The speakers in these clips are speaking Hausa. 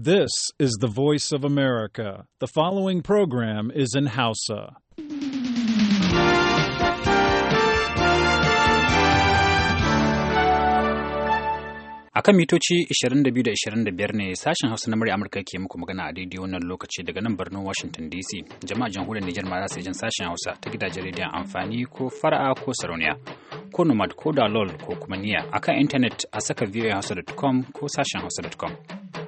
This is the voice of America. The following program is in Hausa. A kan mitoci 22 25 ne sashen Hausa na murya Amurka ke muku magana a daidai wannan lokaci daga nan birnin Washington DC. Jama'a jamhuriyar Nijar ma za su jin sashen Hausa ta gidajen rediyon amfani ko fara'a ko sarauniya ko nomad ko dalol ko kuma niya akan intanet a saka voahausa.com ko sashen hausa.com.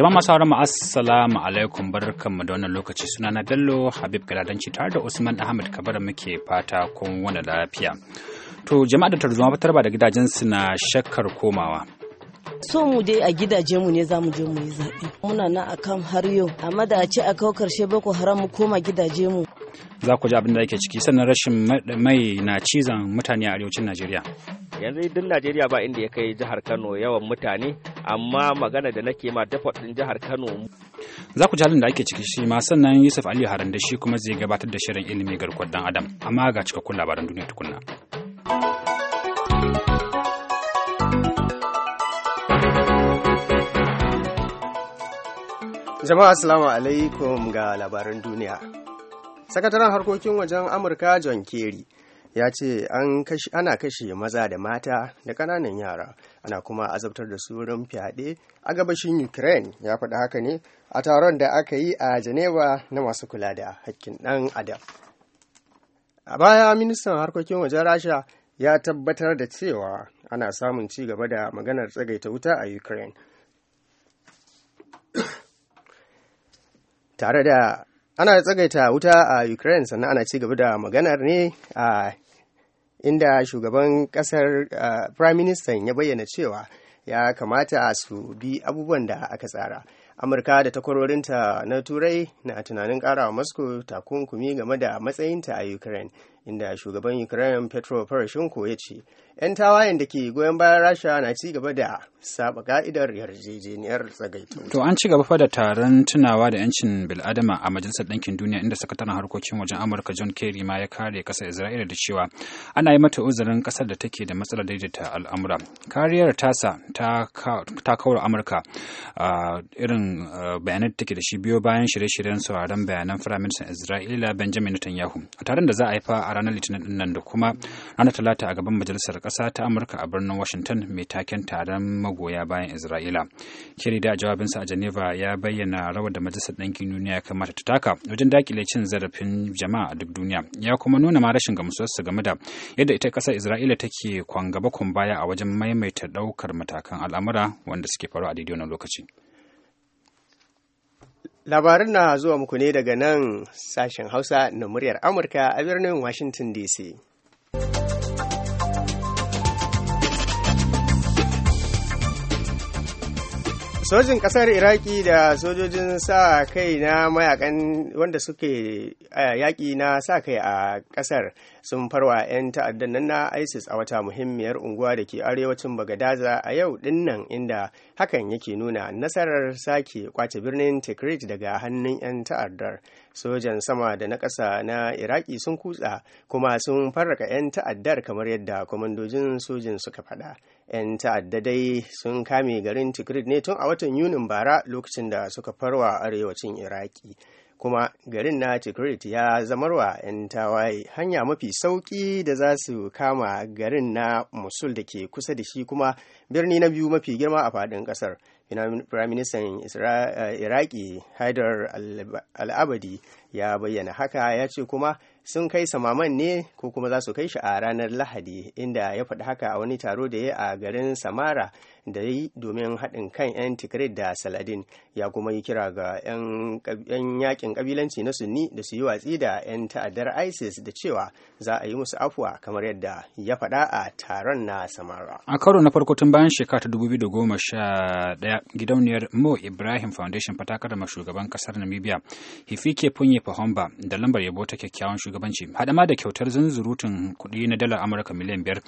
Jama'a masu haramu assalamu alaikum mu da wannan lokaci suna na Bello Habib Galadanci tare da Usman Ahmad Kabar muke fata kun wani lafiya. To jama'a da tarzoma fatar ba da su na shakkar komawa. so mu dai a gidaje mu ne zamu je mu yi zaɓe muna na akan har yau amma da a ce a kawo karshe boko haram mu koma gidaje mu za ku ji abin da ake ciki sannan rashin mai na cizon mutane a arewacin najeriya yanzu duk najeriya ba inda ya kai jihar kano yawan mutane amma magana da nake ma dafa ɗin jihar Kano. Za ku ji halin da ake ciki shi ma sannan Yusuf Aliyu Haran da shi kuma zai gabatar da shirin ilimi garkuwar dan Adam amma ga cikakkun labaran duniya tukunna. Jama'a Assalamu alaikum ga labaran duniya. Sakataren harkokin wajen Amurka John Kerry ya ce ana kashe maza da mata da ƙananan yara ana kuma azabtar da su wurin fyaɗe a gabashin ukraine ya faɗi haka ne a taron da aka yi a geneva na masu kula da hakkin ɗan adam a baya ministan harkokin wajen rasha ya tabbatar da cewa ana samun ci gaba da maganar tsagaita wuta a ukraine tare da ana tsagaita wuta a ukraine sannan ana ci gaba da maganar ne a inda shugaban kasar uh, prime minister ya bayyana cewa ya kamata su bi abubuwan da aka tsara amurka da takwarorinta na turai na tunanin wa moscow takunkumi game da matsayinta a ukraine inda shugaban ukraine petro poroshenko ya ce 'yan tawayen da ke goyon bayan rasha na ci gaba da saba ka'idar yarjejeniyar tsagaita to an ci gaba fa da taron tunawa da 'yancin bil'adama a majalisar ɗinkin duniya inda sakataren harkokin wajen amurka john kerry ma ya kare ƙasar isra'ila da cewa ana yi mata uzurin ƙasar da take da matsalar daidaita al'amura kariyar tasa ta kawo amurka irin bayanan da take da shi biyo bayan shirye-shiryen sauraron bayanan firaministan isra'ila benjamin netanyahu a taron da za a yi fa a ranar litinin nan da kuma ranar talata a gaban majalisar ƙasa ta Amurka a birnin Washington mai taken taron magoya bayan Isra'ila. Shiri da jawabinsa a Geneva ya bayyana rawar da Majalisar Ɗinkin Duniya ya kamata ta taka wajen dakile cin zarafin jama'a a duk duniya. Ya kuma nuna ma rashin gamsuwarsa game da yadda ita ƙasar Isra'ila take kwangaba kun baya a wajen maimaita ɗaukar matakan al'amura wanda suke faru a daidai wannan lokaci. Labarin na zuwa muku ne daga nan sashen Hausa na muryar Amurka a birnin Washington DC. sojin kasar iraki da sojojin sa kai na mayakan wanda suke yaƙi na sa kai a ƙasar sun farwa 'yan ta'addan nan na isis a wata muhimmiyar unguwa da ke arewacin bagadaza a yau dinnan inda hakan yake nuna nasarar sake kwace birnin tikrit daga hannun 'yan ta'addar sojan sama da na ƙasa na iraki sun kutsa kuma sun farraka 'yan ta'addar kamar yadda kwamandojin sojin suka faɗa 'yan ta'adda dai sun kame garin tikrit ne tun a watan yunin bara lokacin da suka farwa arewacin iraki kuma garin na tikrit ya zamarwa 'yan tawaye hanya mafi sauki da za su kama garin na musul da ke kusa da shi kuma birni na biyu mafi girma a faɗin ƙasar firaministan eh, iraki haidar al'abadi ya bayyana haka ya ce kuma sun kai samaman ne ko kuma za su kai shi a ranar lahadi inda ya faɗi haka a wani taro da ya a garin samara da ya yi domin haɗin kan 'yan tikrit da saladin ya kuma yi kira ga 'yan yakin kabilanci na sunni da su yi watsi da 'yan ta'addar isis da cewa za a yi musu afuwa kamar yadda ya faɗa a taron na samara a karo na farko tun bayan shekara ta 2011 gidauniyar mo ibrahim foundation fatakar da shugaban kasar namibia hifike punye fahomba da lambar yabo ta kyakkyawan shugabanci haɗa ma da kyautar zanzurutun kuɗi na dalar amurka miliyan biyar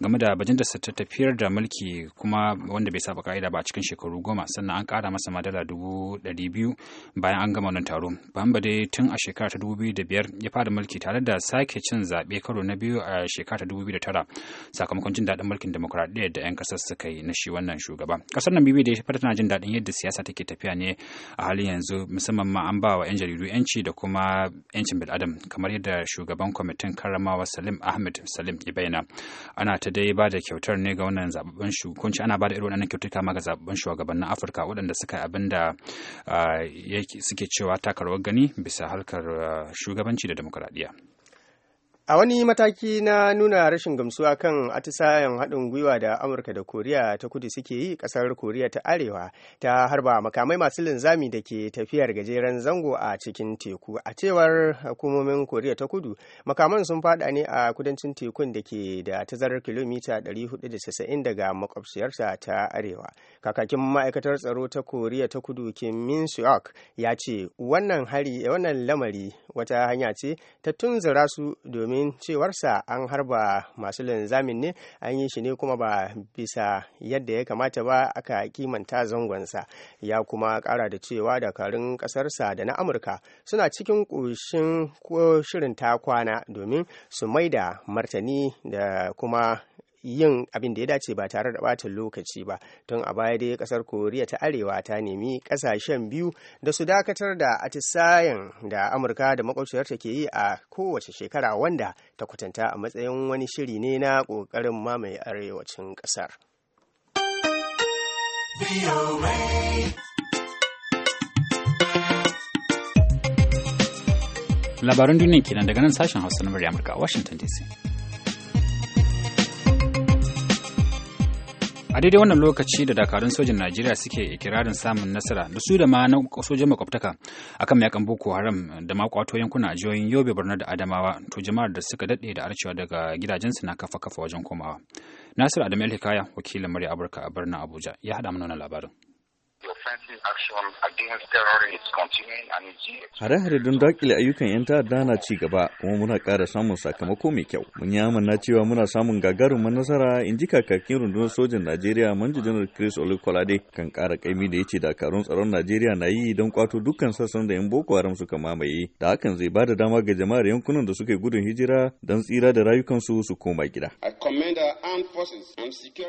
game da da ta tafiyar da mulki kuma wanda bai saba ka'ida ba a cikin shekaru goma sannan an ƙara masa madara dubu ɗari biyu bayan an gama wannan taro bamba dai tun a shekara ta dubu biyu da biyar ya fara mulki tare da sake cin zaɓe karo na biyu a shekara ta dubu biyu da tara sakamakon jin daɗin mulkin demokuraɗiyyar da 'yan ƙasar suka yi na shi wannan shugaba ƙasar bibi da ya fara tana jin daɗin yadda siyasa take tafiya ne a halin yanzu musamman ma an ba wa 'yan jaridu 'yanci da kuma 'yancin bil'adam kamar yadda shugaban kwamitin karamawa salim ahmed salim ya bayyana ana ta dai ba da kyautar ne ga wannan zababben shugabanci ana ba da irin wannan kyautuka ma ga zababban shugabannin afirka waɗanda suka yi abin da ah, suke cewa takarwar gani bisa halkar ah, shugabanci da demokuraɗiyya. a wani mataki na nuna rashin gamsuwa kan atisayen haɗin gwiwa da amurka da koriya ta kudu suke yi ƙasar koriya ta arewa ta harba makamai masu linzami da ke tafiyar gajeren zango a cikin teku a cewar hukumomin koriya ta kudu makaman sun faɗa ne a kudancin tekun da ke da tazarar kilomita 490 daga makwabciyarsa ta arewa kakakin ma'aikatar tsaro ta koriya ta kudu kim min ya ce wannan hari wannan lamari wata hanya ce ta tunzura su domin domin cewarsa an harba masu linzamin ne an yi shi ne kuma ba bisa yadda ya kamata ba aka kimanta zangonsa ya kuma kara da cewa dakarun kasarsa da na amurka suna cikin ƙoshin shirin ta kwana domin su maida martani da kuma yin abin da ya dace ba tare da ɓata lokaci ba tun a baya dai kasar koriya ta arewa ta nemi ƙasashen biyu da su dakatar da atisayen da amurka da makwabciyarta ke yi a kowace shekara wanda ta kwatanta a matsayin wani shiri ne na ƙoƙarin mamaye arewacin ƙasar. labaran duniya kenan daga nan sashen hausa na murya washington dc a daidai wannan lokaci da dakarun sojin najeriya suke ikirarin samun nasara da su da ma na sojin makwabtaka akan mayakan boko haram da ma kwato yankuna a jihohin yobe borno da adamawa to jama'ar da suka daɗe da arcewa daga gidajensu na kafa kafa wajen komawa nasiru adam el hikaya wakilin murya amurka a birnin abuja ya haɗa mana labarin Hare-hare don dakile ayyukan 'yan ta'adda na ci gaba kuma muna ƙara samun sakamako mai kyau. Mun yi amanna cewa muna samun gagarin nasara in ji kakakin rundunar sojan Najeriya Manji Janar Chris Olukolade kan ƙara kaimi da ya ce dakarun tsaron Najeriya na yi don kwato dukkan sassan da 'yan Boko Haram suka mamaye. Da hakan zai ba da dama ga jama'ar yankunan da suke gudun hijira don tsira da rayukansu su koma gida.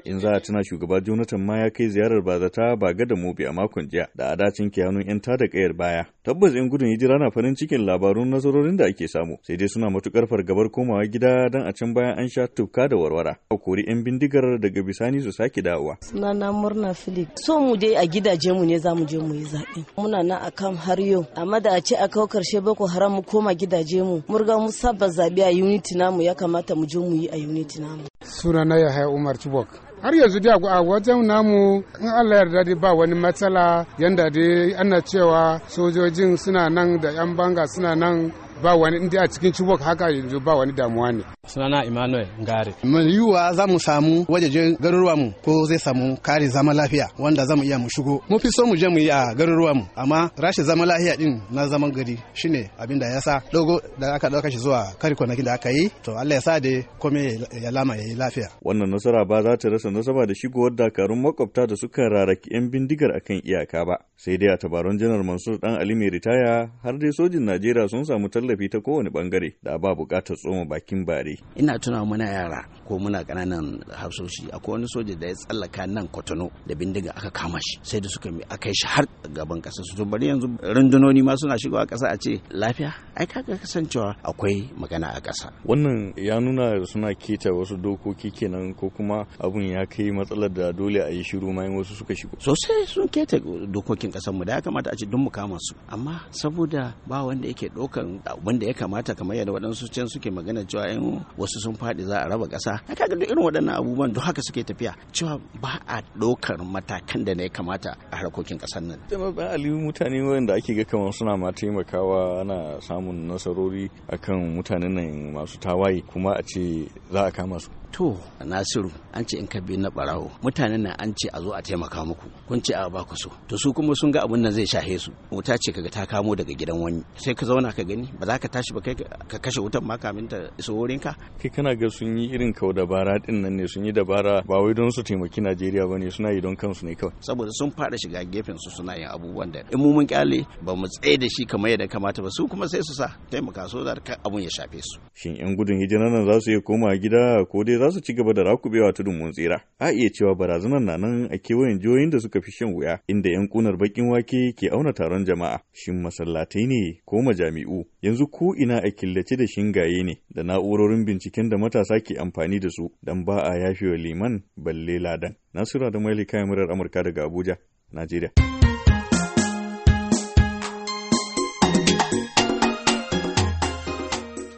In za a tuna shugaba Jonathan ma ya kai ziyarar bazata ba ga da mu a makon jiya da adacin ke hannun 'yan tada kayar baya. Tabbas 'yan gudun hijira na farin cikin labarun nasarorin da ake samu, sai dai suna matukar fargabar komawa gida don a can bayan an sha tufka da warwara. A kori 'yan bindigar daga bisani su sake dawowa. Sunana murna Philip. So mu dai a gidaje mu ne za mu je mu yi zaɓe. Muna nan kan har yau. Amma da a ce a kawo karshe Boko Haram mu koma gidaje mu. Murga mu saba zaɓe a unity namu ya kamata mu je mu yi a unity namu. Sunana Yahaya Umar Chibok. har yanzu dai a wajen namu in Allah yarda ba wani matsala yanda dai ana cewa sojojin suna nan da yan banga suna nan ba wani inda a cikin chibok haka yanzu ba wani damuwa ne sunana emmanuel ngare mai yiwuwa za mu samu wajejen garuruwa mu ko zai samu kare zama lafiya wanda za mu iya mu shigo mu fi so mu je mu yi a garuruwa mu amma rashin zama lafiya din na zaman gari shine abin da ya sa dogo da aka ɗauka shi zuwa kare kwanakin da aka yi to Allah ya sa da komai ya lama ya yi lafiya wannan nasara ba za ta rasa nasaba da shigowar dakarun makwabta da suka raraki yan bindigar akan iyaka ba sai dai a tabaron janar mansur dan ali mai ritaya har dai sojin najeriya sun samu talla tallafi ta kowane bangare da ba bukatar tsoma bakin bare. Ina tuna muna yara ko muna ƙananan hausoshi akwai wani soja da ya tsallaka nan kwatano da bindiga aka kama shi sai da suka aka shi har gaban ƙasa su bari yanzu rundunoni ma suna shigowa ƙasa a ce lafiya ai kaga kasancewa akwai magana a ƙasa. Wannan ya nuna suna keta wasu dokoki kenan ko kuma abun ya kai matsalar da dole a yi shiru mayan wasu suka shigo. Sosai sun keta dokokin mu da ya kamata a ce don mu kama su amma saboda ba wanda yake ɗaukan abin da ya kamata kamar yadda waɗansu can suke magana cewa in wasu sun faɗi za a raba ƙasa haka ga duk irin waɗannan abubuwan duk haka suke tafiya cewa ba a ɗaukar matakan da na ya kamata a harkokin ƙasar nan. Jama'a ba aliyu mutane wanda ake ga kamar suna ma taimakawa ana samun nasarori akan mutanen nan masu tawaye kuma a ce za a kama su. to nasiru an ce in ka bi na barawo mutane na an ce a zo a taimaka muku kun ce a ba ku so to su kuma sun ga abin nan zai shahe su wuta ce kaga ta kamo daga gidan wani sai ka zauna ka gani ba za ka tashi ba kai ka kashe wutan ma kamin ta iso wurin ka kai kana ga sun yi irin kau dabara din nan ne sun yi dabara ba wai don su taimaki Najeriya bane suna yi don kansu ne kawai saboda sun fara shiga gefen su suna yin abubuwan da in mu mun kyale ba mu tsaye da shi kamar yadda kamata ba su kuma sai su sa taimaka so da abun ya shafe su shin yan gudun hijira nan za su iya koma gida ko dai za su ci gaba da rakubewa tudun mun tsira. A iya cewa barazanar na nan a kewayen jihohin da suka fi shan wuya inda yan kunar bakin wake ke auna taron jama'a. Shin masallatai ne ko majami'u? Yanzu ko ina a killace da shingaye ne da na'urorin binciken da matasa ke amfani da su dan ba a yafewa liman balle ladan. Nasura da Maili kayan murar Amurka daga Abuja, Najeriya.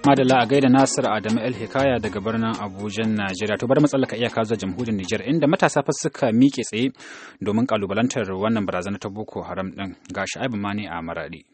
Madala a gaida Nasir Adamu El Hikaya daga birnin Abuja, Najeriya. To bar matsalaka iyaka zuwa jamhuriyar Nijar inda matasa fa suka miƙe tsaye domin kalubalantar wannan barazana ta Boko Haram din. Ga ma Mani a Maradi.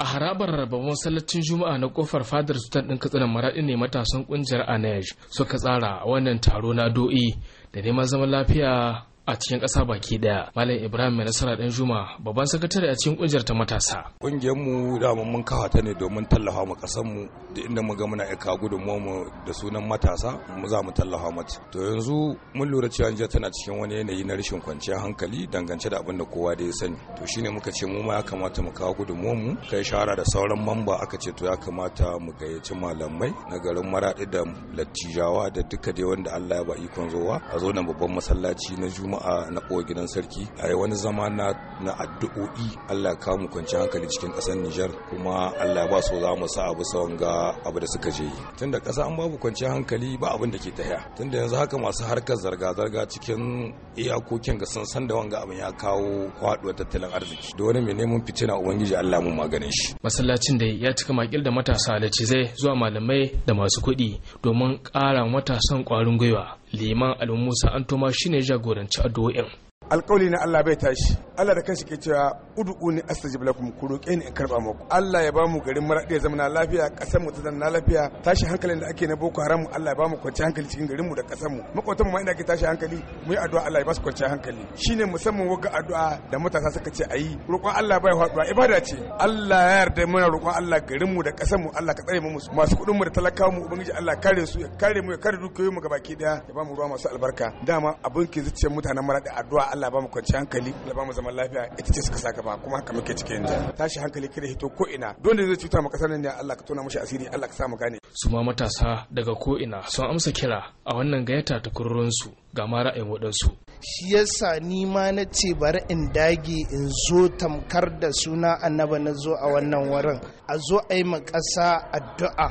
a harabar rababon masallacin juma'a na kofar fadar sultan ɗin katsinan maraɗi ne matasan ƙungiyar anej suka tsara a wannan taro na do'i da neman zaman lafiya a cikin ƙasa baki ɗaya. Malam Ibrahim Mai Nasara ɗan Juma babban sakatare a cikin ƙungiyar ta matasa. Ƙungiyar mu dama mun kafa ta ne domin tallafa mu ƙasar mu da inda mu ga muna aika gudunmuwar mu da sunan matasa mu za mu tallafa mata. To yanzu mun lura cewa jiya tana cikin wani yanayi na rashin kwanciyar hankali dangance da abin da kowa da ya sani. To shine muka ce mu ma ya kamata mu kawo gudunmuwar mu kai shawara da sauran mamba aka ce to ya kamata mu gayyaci malamai na garin maraɗi da lattijawa da duka dai wanda Allah ya ba ikon zowa a zo nan babban masallaci na juma'a jama'a na gidan sarki a yi wani zama na addu'o'i allah ya kamu kwanci hankali cikin ƙasar nijar kuma allah ya ba su za mu sa abu sawan ga abu da suka je yi tun ƙasa an babu kwanci hankali ba abin da ke tahiya tun da yanzu haka masu harkar zarga-zarga cikin iyakokin ga sun san da wanga abin ya kawo kwaɗuwar tattalin arziki da wani mai neman fitina ubangiji allah mu maganin shi masallacin da ya cika makil da matasa da cizai zuwa malamai da masu kuɗi domin ƙara matasan ƙwarin gwiwa liman musa an toma shine jagoranci addu'o'in alƙawli na Allah bai tashi Allah da kanshi ke cewa ni astajib lakum ku roƙe ni in karba muku Allah ya bamu garin maradi ya zama na lafiya ƙasar mu ta zama na lafiya tashi hankalin da ake na boko haram Allah ya bamu kwanciyar hankali cikin garin mu da ƙasar mu makwatan mu ma ina ke tashi hankali mu yi addu'a Allah ya basu kwanciyar hankali shine musamman wagga addu'a da matasa suka ce ayi roƙon Allah bai faɗuwa ibada ce Allah ya yarda mana roƙon Allah garin mu da ƙasar mu Allah ka tsare mu masu kuɗin mu da talakawa mu ubangiji Allah kare su ya kare mu ya kare dukiyoyin mu gabaki daya ya bamu ruwa masu albarka dama abin ke zuciyar mutanen maradi addu'a Allah ba mu kwanci hankali Allah ba mu zaman lafiya ita ce suka sa gaba kuma haka muke cikin yanzu tashi hankali kada hito ko ina don da zai cuta mu kasar nan ne Allah ka tona mushi asiri Allah ka sa mu gane su ma matasa daga ko ina sun amsa kira a wannan gayyata ta kurrun su ga ma ra'ayin waɗansu shi yasa ni ma na ce bari in dage in zo tamkar da suna annaba na zo a wannan wurin a zo a yi ma ƙasa addu'a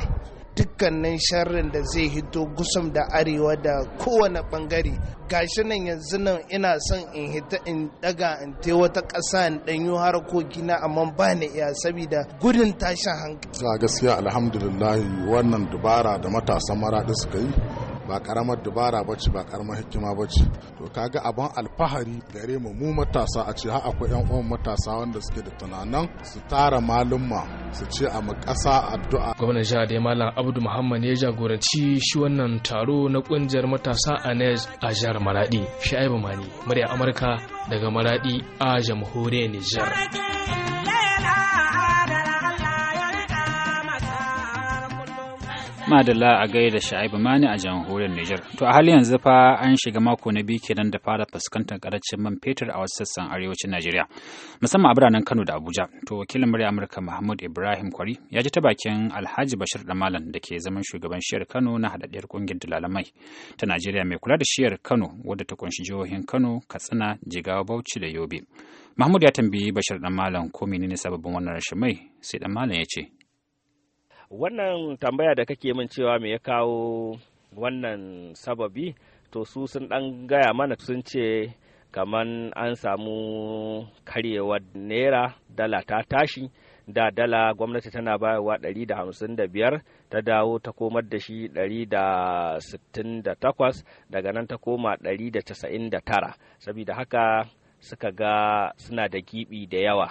dukkanin sharrin da zai hito gusum da arewa da kowane bangare gashi nan yanzu nan ina son in hita in daga in te wata ƙasa in ɗanyu har ko gina amma ba ni iya saboda gudun tashin hankali. gaskiya alhamdulillah wannan dubara da matasan maraɗi suka yi ba karamar dubara ba ce ba karamar hikima ba ce to kaga abin alfahari gare mu mu matasa a ce har akwai yan uwan matasa wanda suke da tunanan su tara malumma su ce a makasa addu'a gwamnan jihar da malam abdu muhammad ya jagoranci shi wannan taro na kungiyar matasa a nez a jihar maradi shaibu mani murya amurka daga maradi a jamhuriyar nijar madalla a gaida sha'ibu mani a jamhuriyar Nijar. To a hali yanzu fa an shiga mako na biyu kenan da fara fuskantar karancin man fetur a wasu sassan arewacin Najeriya, musamman a biranen Kano da Abuja. To wakilin murya Amurka Mahmud Ibrahim Kwari ya ji ta bakin Alhaji Bashir Damalan da ke zaman shugaban shiyar Kano na haɗaɗɗiyar ƙungiyar dalalamai ta Najeriya mai kula da shiyar Kano wadda ta kunshi jihohin Kano, Katsina, Jigawa, Bauchi da Yobe. Mahmud ya tambayi Bashir Damalan ko menene sababin wannan rashin mai sai Damalan ya ce wannan tambaya da kake min cewa me ya kawo wannan sababi to su sun ɗan gaya mana sun ce kamar an samu karyewar naira dala ta tashi da dala gwamnati tana bayarwa 155 ta dawo ta komar da shi 168 daga nan ta koma 199 saboda haka suka ga suna da gibi da yawa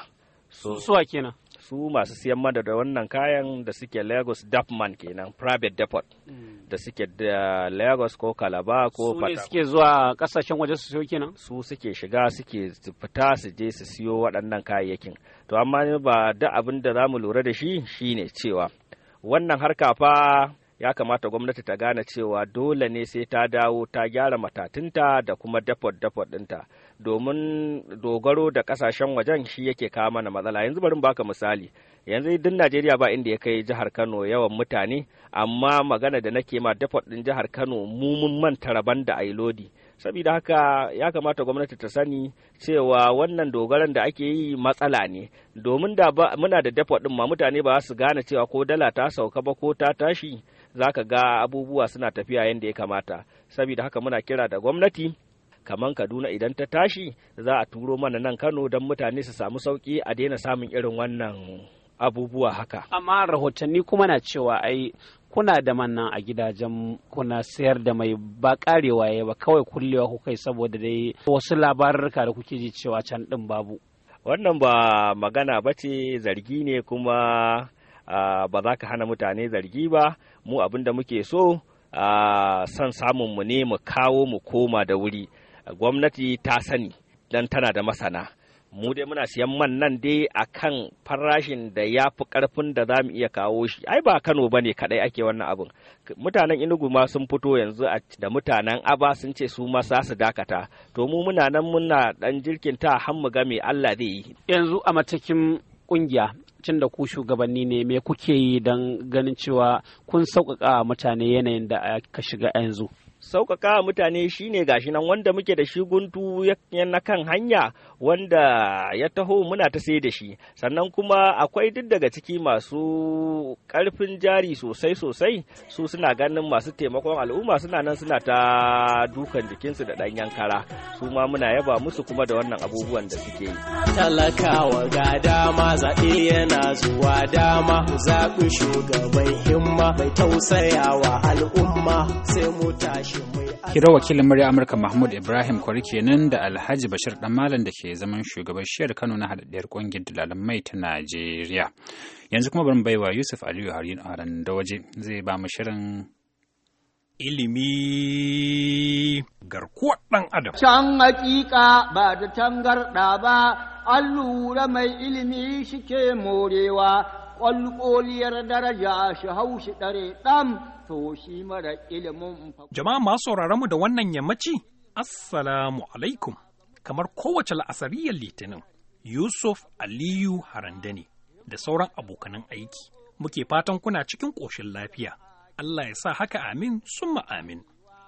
so, suwa kenan su masu siyan mada da wannan kayan da suke lagos dapman kenan private depot hmm. da suke da lagos ko kalaba ko fata su suke zuwa kasashen waje su kenan su suke shiga suke fita su je su siyo waɗannan kayayyakin to amma ba da abin da zamu lura da shi shine cewa wannan harka fa ya kamata gwamnati ta gane cewa dole ne sai ta dawo ta gyara matatunta da kuma depot depot ɗinta domin dogaro da kasashen wajen shi yake kawo mana matsala yanzu bari baka misali yanzu duk Najeriya ba inda ya kai jihar Kano yawan mutane amma magana da nake ma depot din jihar Kano mu mun manta rabon da lodi saboda haka ya kamata gwamnati ta sani cewa wannan dogaron da ake yi matsala ne domin da muna da depot din ma mutane ba su gane cewa ko dala ta sauka ba ko ta tashi zaka ga abubuwa suna tafiya yadda ya kamata saboda haka muna kira da gwamnati kaman kaduna idan ta tashi za a turo mana nan kano don mutane su samu sauki a daina samun irin wannan abubuwa haka amma rahotanni kuma na cewa ai kuna da mannan a gidajen kuna sayar da mai ba karewa ya ba kawai kullewa kuka yi saboda dai wasu labarurka da kuke ji cewa can din babu wannan ba magana ba ce zargi ne kuma ba za ka hana mutane zargi ba mu abin da muke so samun mu ne mu kawo mu koma da wuri gwamnati ta sani don tana da masana mu dai muna siyan man nan dai a kan farashin da ya fi ƙarfin da za mu iya kawo shi ai ba kano ba ne kaɗai ake wannan abin mutanen inugu ma sun fito yanzu da mutanen aba sun ce su ma za su dakata to mu muna nan muna dan jirkin ta har mu game allah zai yi yanzu a matakin ƙungiya cin da ku shugabanni ne me kuke yi don ganin cewa kun sauƙaƙa mutane yanayin da aka shiga yanzu sauƙaƙa mutane shine gashi nan wanda muke da shi guntu na kan hanya wanda ya taho muna ta sai da shi sannan kuma akwai duk daga ciki masu karfin jari sosai sosai su suna ganin masu taimakon al'umma suna nan suna ta dukan jikinsu da ɗanyen kara su ma muna yaba musu kuma da wannan abubuwan da suke yi talakawa ga dama zaɓe yana zuwa dama zaɓi shugaban himma mai tausayawa al'umma sai mu tashi mai kira wakilin murya amurka mahmud ibrahim kwari kenan da alhaji bashir ɗan malam da ke ke zaman shugaban shiyar Kano na haɗaɗɗiyar ƙungiyar dalalan mai ta Najeriya. Yanzu kuma bari baiwa Yusuf Aliyu Harin da waje zai ba mu shirin ilimi garkuwar ɗan adam. Can hakika ba da tangarɗa ba, allura mai ilimi shike morewa, ƙwalƙoliyar daraja shi haushi shi ɗare ɗam, to shi mara ilimin. Jama'a masu sauraron mu da wannan yammaci, Assalamu alaikum. kamar kowace la'asariyar litinin Yusuf Aliyu Harandani da sauran abokanan aiki. Muke fatan kuna cikin ƙoshin lafiya. Allah ya sa haka amin summa amin.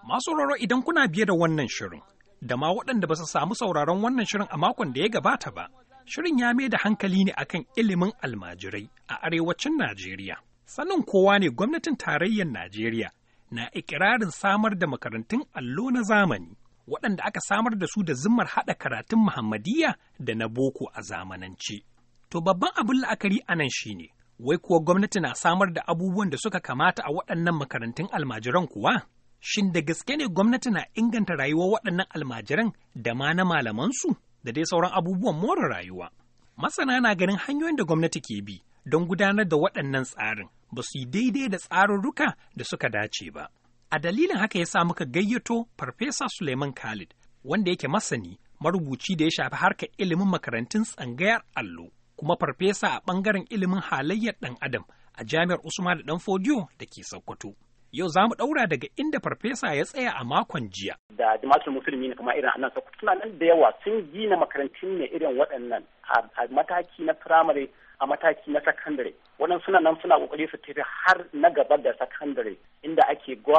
Masu roro idan kuna biye da wannan shirin, da ma waɗanda ba su samu sauraron wannan shirin a makon da ya gabata ba, shirin ya mai da hankali ne akan ilimin almajirai a arewacin Najeriya. Sanin kowa ne gwamnatin tarayyar Najeriya na ikirarin samar da makarantun allo na zamani. waɗanda aka samar da su da zimmar haɗa karatun Muhammadiyya da na boko a zamanance. To babban abin la'akari a nan shi ne, wai kuwa gwamnati na samar da abubuwan da suka kamata a waɗannan makarantun almajiran kuwa? Shin da gaske ne gwamnati na inganta rayuwar waɗannan almajiran da ma na malamansu da dai sauran abubuwan more rayuwa? Masana na ganin hanyoyin da gwamnati ke bi don gudanar da waɗannan tsarin ba su yi daidai da tsarurruka da suka dace ba. A dalilin haka ya sa muka gayyato Farfesa Suleiman Khalid, wanda yake masani marubuci da ya shafi harkar ilimin makarantun tsangayar allo, kuma farfesa a ɓangaren ilimin halayyar ɗan adam a jami'ar Usman da ɗan Fodiyo da ke Sokoto. Yau za mu ɗaura daga inda farfesa ya tsaya a makon jiya. Da jimatul musulmi ne kuma irin annan Sokoto suna nan da yawa sun gina makarantun ne irin waɗannan a mataki na firamare a mataki na sakandare. Waɗansu suna nan suna ƙoƙari su tafi har na gaba da sakandare inda ake ke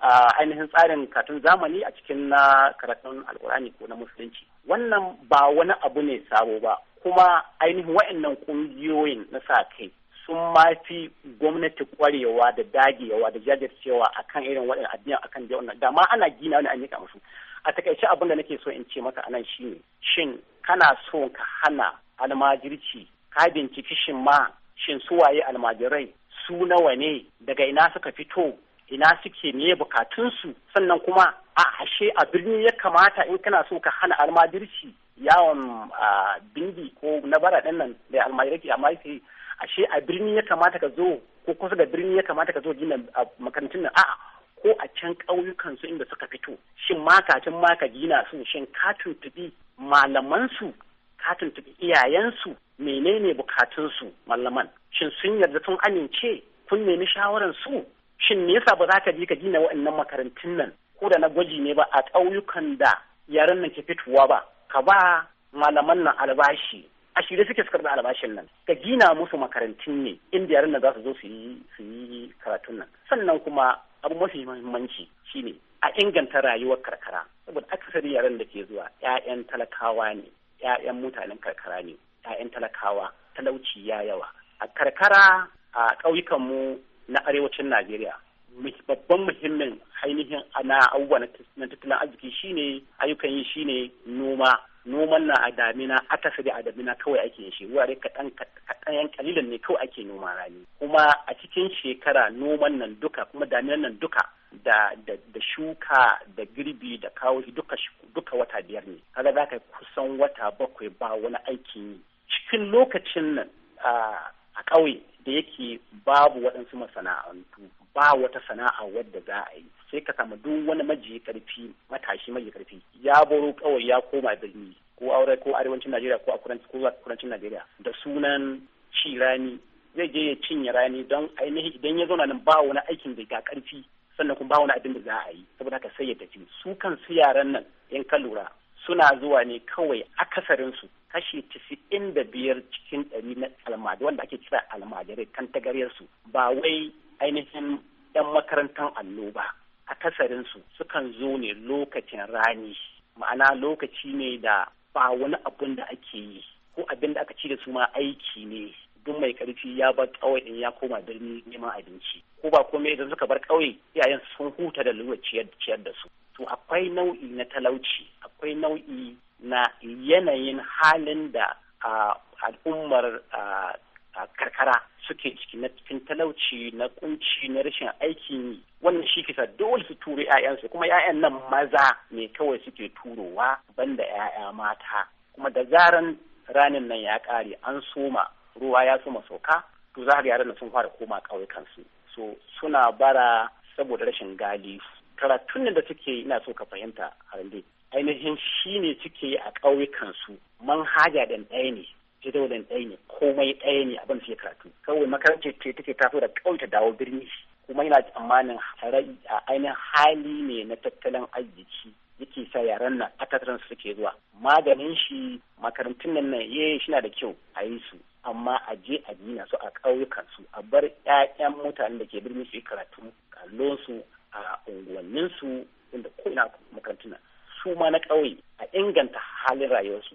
a ainihin tsarin katun zamani a cikin na karatun alkurani ko na musulunci wannan ba wani abu ne sabo ba kuma ainihin wa'annan ƙungiyoyin na sa kai sun ma fi gwamnati ƙwarewa da dagewa da jajircewa akan irin waɗannan addinan akan da wannan dama ana gina wani an musu a takaice abin da nake so in ce maka anan shine shin kana so ka hana almajirci ka binciki shin ma shin su waye almajirai su nawa ne daga ina suka fito ina suke ne bukatunsu sannan kuma a ashe a birni ya kamata in kana so ka hana almadirci yawon bindi ko na bara ɗin nan da almajirai amma yake ashe a birni ya kamata ka zo ko kusa da birni ya kamata ka zo gina makarantun nan a'a ko a can ƙauyukan su inda suka fito shin makacin maka gina su shin ka tuntubi malaman su ka tuntuɓi iyayensu menene bukatunsu mallaman shin sun yarda sun amince kun nemi shawaran su shin me yasa ba za ka je ka gina wa'annan makarantun nan ko da na gwaji ne ba a ƙauyukan da yaran nan ke fitowa ba ka ba malaman nan albashi a shirye suke suka albashin nan ka gina musu makarantun ne inda yaran nan za su zo su yi su yi karatun nan sannan kuma abu mafi muhimmanci shine a inganta rayuwar karkara saboda akasari yaran da ke zuwa 'ya'yan talakawa ne 'ya'yan mutanen karkara ne 'ya'yan talakawa talauci ya yawa a karkara a ƙauyukanmu na arewacin najeriya babban muhimmin ainihin na abubuwa na tattalin arziki shine ayyukan yi shine noma noman na a damina akasari a damina kawai ake shi wurare kaɗan kaɗan kalilan ne kawai ake noma rani kuma a cikin shekara noman nan duka kuma daminan nan duka da, da, da shuka da girbi da kawo duka, duka wata biyar ne kaga za ka kusan wata bakwai ba wani aikin yi cikin lokacin nan a ƙauye da yake babu waɗansu masana'antu ba wata sana'a wadda za a yi sai ka samu duk wani majiyi karfi matashi mai karfi ya boro kawai ya koma birni ko aure ko arewacin Najeriya ko a Najeriya da sunan ci rani zai je ya cinye rani don ainihi idan ya zauna nan ba wani aikin da ga karfi sannan kuma ba wani abin da za a yi saboda haka sai ya tafi su kan su yaran nan in ka lura suna zuwa ne kawai akasarin su kashi tisa'in da biyar cikin ɗari na almajirai wanda ake kira almajirai kan tagariyar su ba wai ainihin yan makarantar allo ba akasarinsu sukan zo ne lokacin rani ma'ana lokaci ne da ba wani abun da ake yi ko abin da aka ci da su ma aiki ne duk mai karfi ya bar ƙauye in ya koma birni neman abinci ko ba komai idan suka bar ƙauye iyayen sun huta da lura ciyar da su to akwai nau'i na talauci akwai nau'i na yanayin halin da al'ummar karkara suke ciki na cikin talauci na kunci na rashin aikin yi wannan shi kisa dole su turo 'ya'yansu kuma 'ya'yan nan maza ne kawai suke turowa banda 'ya'ya mata kuma da zaran ranin nan ya ƙare an soma ruwa ya soma sauka to za yaran sun fara koma ƙauyukansu so suna bara saboda rashin gali karatun da suke ina so ka fahimta harande ainihin shi ne suke yi a ƙauyukansu manhaja da ɗaya ne jadawalin ɗaya ne komai ɗaya ne abin sai karatu kawai makarantar ce take taso da kawai ta dawo birni kuma yana tsammanin a ainihin hali ne na tattalin arziki yake sa yaran nan tattalin su suke zuwa maganin shi makarantun nan nan ye eh, shi na da kyau a yi su amma a je a nina su a ƙauyukan su a bar ƴaƴan mutanen da ke birni su yi karatu kallon su a unguwanninsu su inda ko ina makarantun nan su ma na ƙauye a inganta halin rayuwarsu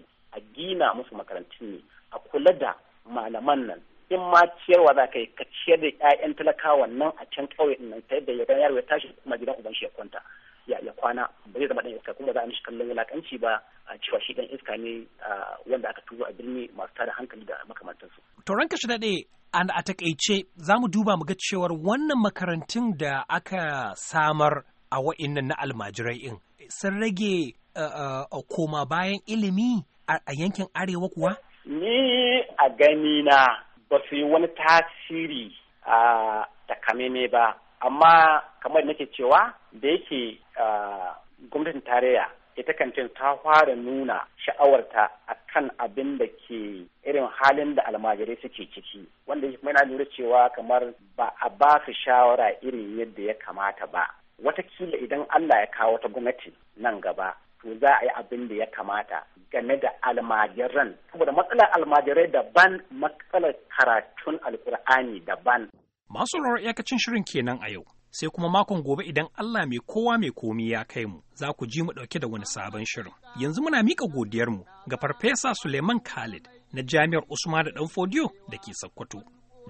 man nan in ma ciyarwa za ka yi ka ciyar da 'ya'yan talakawa nan a can ƙauye din nan ta yadda ya yaro ya tashi kuma gidan uban shi ya kwanta ya ya kwana ba zai zama dan iska kuma za a mishi kallon wulakanci ba a cewa shi dan iska ne wanda aka tuba a birni masu tada hankali da makamantansu. To ranka shi daɗe a takaice za mu duba mu ga cewar wannan makarantun da aka samar a wa'innan na almajirai in sun rage koma bayan ilimi a yankin arewa kuwa? Ni a gani na ba su yi wani tasiri a takamaimai ba, amma kamar nake cewa da yake gwamnatin tarayya ita kantin ta fara nuna sha'awarta a kan abin da ke irin halin da almajirai suke ciki wanda kuma yana lura cewa kamar ba a ba su shawara irin yadda ya kamata ba watakila idan Allah ya kawo ta gwamnati nan gaba to za a yi abin da ya kamata game da almajiran saboda matsalar almajirai daban matsalar karatun alkur'ani daban. masu rawar iyakacin shirin kenan a yau sai kuma makon gobe idan Allah mai kowa mai komi ya kai mu za ku ji mu ɗauke da wani sabon shirin yanzu muna mika godiyarmu ga farfesa Suleiman Khalid na jami'ar Usman da Danfodiyo da ke Sokoto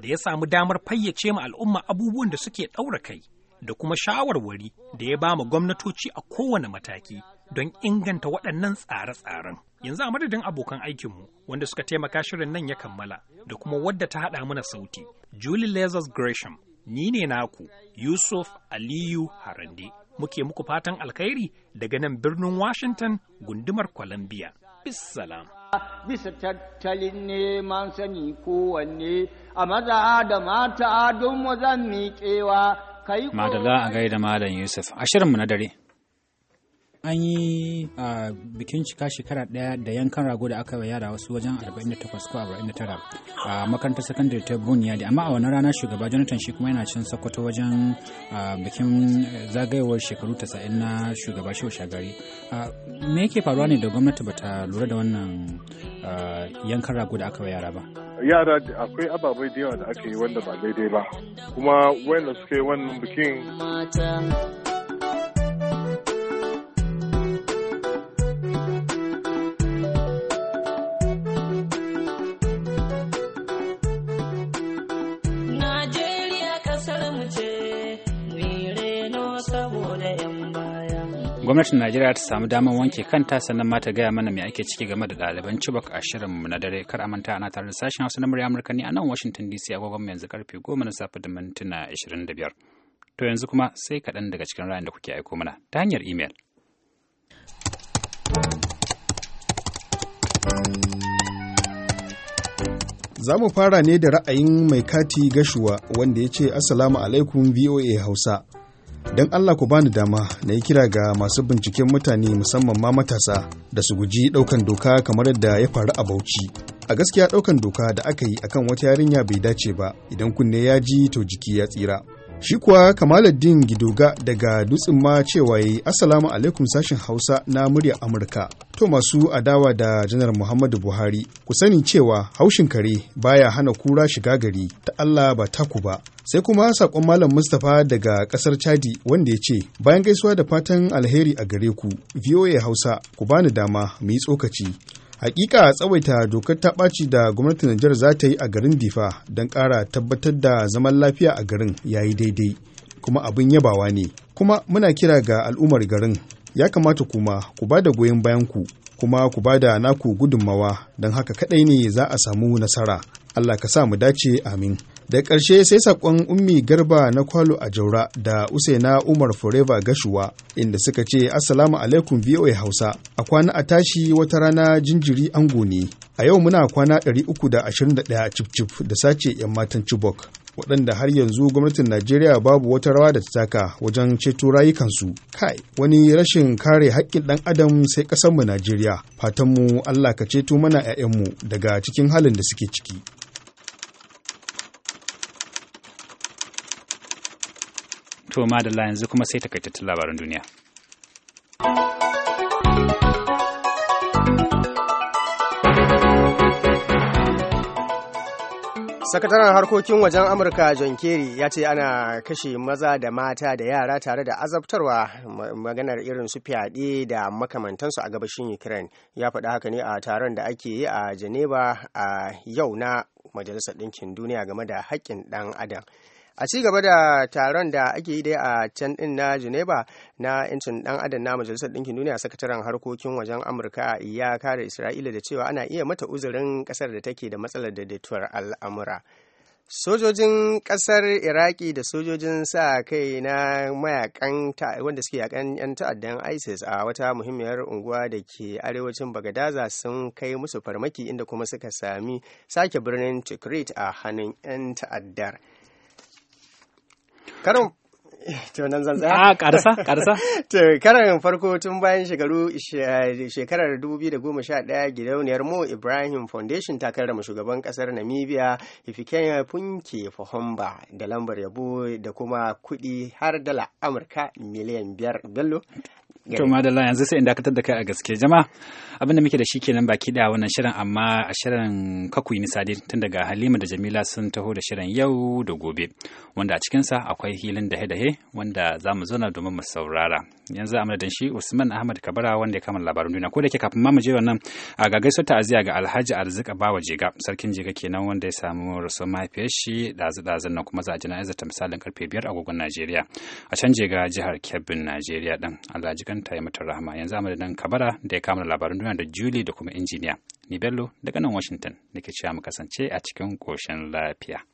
da ya samu damar fayyace ma al'umma abubuwan da suke ɗaura kai da kuma shawarwari da ya ba mu gwamnatoci a kowane mataki don inganta waɗannan tsare-tsaren. Yanzu a madadin abokan aikinmu wanda suka taimaka shirin nan ya kammala da kuma wadda ta haɗa mana sauti. Julie Lazarus Gresham, ni ne naku Yusuf Aliyu Harande. Muke muku fatan alkhairi daga nan birnin Washington gundumar Columbia. Bissalam. Bisa tattalin neman sani kowanne a maza da mata don mu zan miƙewa. Madala a gaida Malam Yusuf, a shirinmu na dare. an yi a bikin cika shekara daya da yankan rago da aka yi yara wasu wajen 48 ko 49 a makarantar sakandare ta buniya da amma a wani rana shugaba jonathan shi kuma yana cin sokoto wajen bikin zagayewar shekaru 90 na shugaba shehu shagari me yake faruwa ne da gwamnati bata lura da wannan yankan rago da aka yi yara ba yara akwai ababai da yawa da aka yi wanda ba daidai ba kuma wayanda suka yi wannan bikin gwamnatin najeriya ta samu damar wanke kanta sannan ma ta gaya mana me ake ciki game da ɗaliban cibok a mu na dare kar manta ana tare da sashen hausa na murya amurka ne a nan washington dc agogon yanzu karfe goma na safe da mintuna 25 to yanzu kuma sai kaɗan daga cikin ra'ayin da kuke aiko mana ta hanyar imel. Za mu fara ne da ra'ayin mai kati gashuwa wanda ya ce Assalamu alaikum VOA Hausa. don Allah ku bani dama na yi kira ga masu binciken mutane musamman ma matasa da su guji ɗaukan doka kamar yadda ya faru a Bauchi. A gaskiya ɗaukan doka da aka yi akan wata yarinya bai dace ba idan kunne ya ji to jiki ya tsira. Shi kuwa Kamaluddin Gidoga daga dutsen ma cewa yi Assalamu alaikum sashin Hausa na muryar Amurka. To masu adawa da Janar Muhammadu Buhari, ku sani cewa haushin kare baya hana kura shiga gari ta Allah ba taku ba. sai kuma sakon malam mustapha daga kasar chadi wanda ya ce bayan gaisuwa da fatan alheri a gare ku voa hausa ku bani dama mu yi tsokaci hakika tsawaita dokar ta ɓaci da gwamnatin Nijar za ta yi a garin Difa don ƙara tabbatar da zaman lafiya a garin ya yi daidai kuma abin yabawa ne kuma muna kira ga al'ummar garin ya kamata kuma ku ba da goyon bayan ku kuma ku ba da naku gudunmawa don haka kaɗai ne za a samu nasara Allah ka sa mu dace amin da ƙarshe sai saƙon ummi garba na kwalo a jaura da usaina umar forever gashuwa inda suka ce assalamu alaikum voa hausa a kwana a tashi wata rana jinjiri ango ne a yau muna kwana 321 cif-cif da sace 'yan matan chibok waɗanda har yanzu gwamnatin najeriya babu wata rawa da ta taka wajen ceto rayukansu kai wani rashin kare haƙƙin ɗan adam sai mu najeriya fatanmu allah ka ceto mana 'ya'yanmu daga cikin halin da suke ciki To madalla yanzu kuma sai takaitattun labaran duniya. sakataren harkokin wajen amurka john kerry ya ce ana kashe maza da mata da yara tare da azabtarwa maganar irin su fyaɗe da makamantansu a gabashin ukraine ya faɗi haka ne a taron da ake yi a geneva a yau na majalisar ɗinkin duniya game da haƙƙin ɗan adam a ci gaba da taron da ake yi dai a can din na geneva na yancin dan adam na majalisar ɗinkin duniya sakataren harkokin wajen amurka ya kare isra'ila da cewa ana iya mata uzurin ƙasar da take da matsalar da daidaituwar al'amura sojojin kasar iraki da sojojin sa kai na mayakan wanda suke yakan yan ta'addan isis a wata muhimmiyar unguwa da ke arewacin bagadaza sun kai musu farmaki inda kuma suka sami sake birnin tikrit a hannun yan ta'addar karin to nan zan tsaya a ah, karsa karsa to karan farko tun bayan shekaru shekarar 2011 gidauniyar mo ibrahim foundation ta mu shugaban kasar namibia ifikeya punke fahomba da lambar yabo da kuma kuɗi har dala amurka miliyan biyar bello To madalla yanzu sai in dakatar da kai a gaske jama'a abin da muke da shi kenan baki da wannan shirin amma a shirin kakuyi misali tun daga Halima da Jamila sun taho da shirin yau da gobe wanda a cikinsa akwai hilin da dahe wanda za mu zauna domin mu saurara yanzu a madadin shi Usman Ahmad Kabara wanda ya kama labarin duniya ko da ke kafin mamaje je wannan a ga gaisuwar ta'aziyya ga Alhaji Arzika Bawa Jega sarkin Jega kenan wanda ya samu rasu mahaifiyar shi dazu dazun nan kuma za a jana'izar ta misalin karfe 5 agogon Najeriya a can Jega jihar Kebbin Najeriya din Allah jikan ta yi mata rahama yanzu a madadin Kabara da ya kama labarin duniya da Julie da kuma injiniya ni Bello daga nan Washington nake cewa mu kasance a cikin koshin lafiya